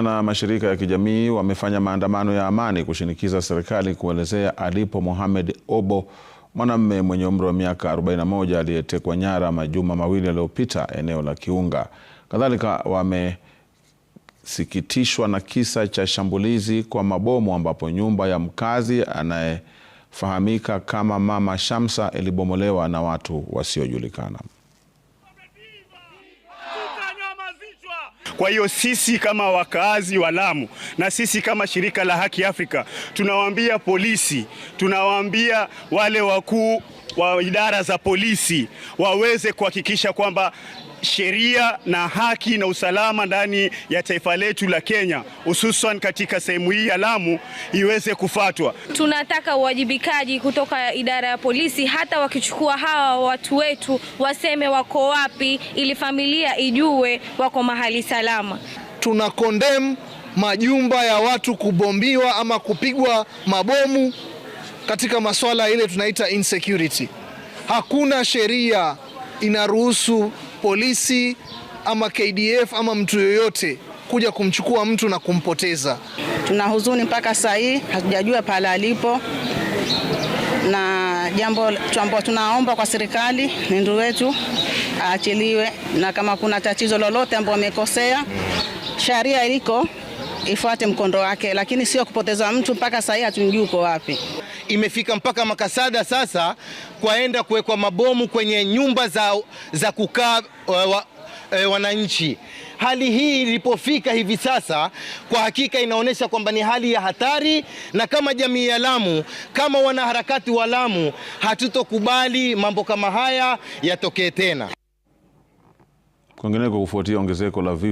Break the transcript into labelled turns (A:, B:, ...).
A: na mashirika ya kijamii wamefanya maandamano ya amani kushinikiza serikali kuelezea alipo Mohamed Obo, mwanamume mwenye umri wa miaka 41 aliyetekwa nyara majuma mawili yaliyopita eneo la Kiunga. Kadhalika wamesikitishwa na kisa cha shambulizi kwa mabomu ambapo nyumba ya mkazi anayefahamika kama Mama Shamsa ilibomolewa na watu wasiojulikana.
B: Kwa hiyo sisi kama wakaazi wa Lamu na sisi kama shirika la Haki Afrika tunawaambia polisi, tunawaambia wale wakuu wa idara za polisi waweze kuhakikisha kwamba sheria na haki na usalama ndani ya taifa letu la Kenya hususan katika sehemu hii ya Lamu iweze kufatwa.
C: Tunataka uwajibikaji kutoka idara ya polisi, hata wakichukua hawa watu wetu waseme wako wapi, ili familia ijue wako mahali salama.
B: Tuna majumba ya watu kubombiwa ama kupigwa mabomu katika masuala ile tunaita insecurity. Hakuna sheria inaruhusu polisi ama KDF ama mtu yoyote kuja kumchukua mtu na kumpoteza.
D: Tuna huzuni mpaka saa hii hatujajua pale alipo, na jambo ambalo tunaomba kwa serikali ni ndugu wetu aachiliwe, na kama kuna tatizo lolote ambao amekosea, sheria iliko ifuate mkondo wake, lakini sio kupoteza mtu. Mpaka sahii hatujui uko wapi.
B: Imefika mpaka makasada sasa kwaenda kuwekwa mabomu kwenye nyumba za, za kukaa wa, wa, e, wananchi. Hali hii ilipofika hivi sasa, kwa hakika inaonyesha kwamba ni hali ya hatari, na kama jamii ya Lamu, kama wanaharakati wa Lamu, hatutokubali mambo kama haya yatokee tena. Kwingineko, kufuatia ongezeko la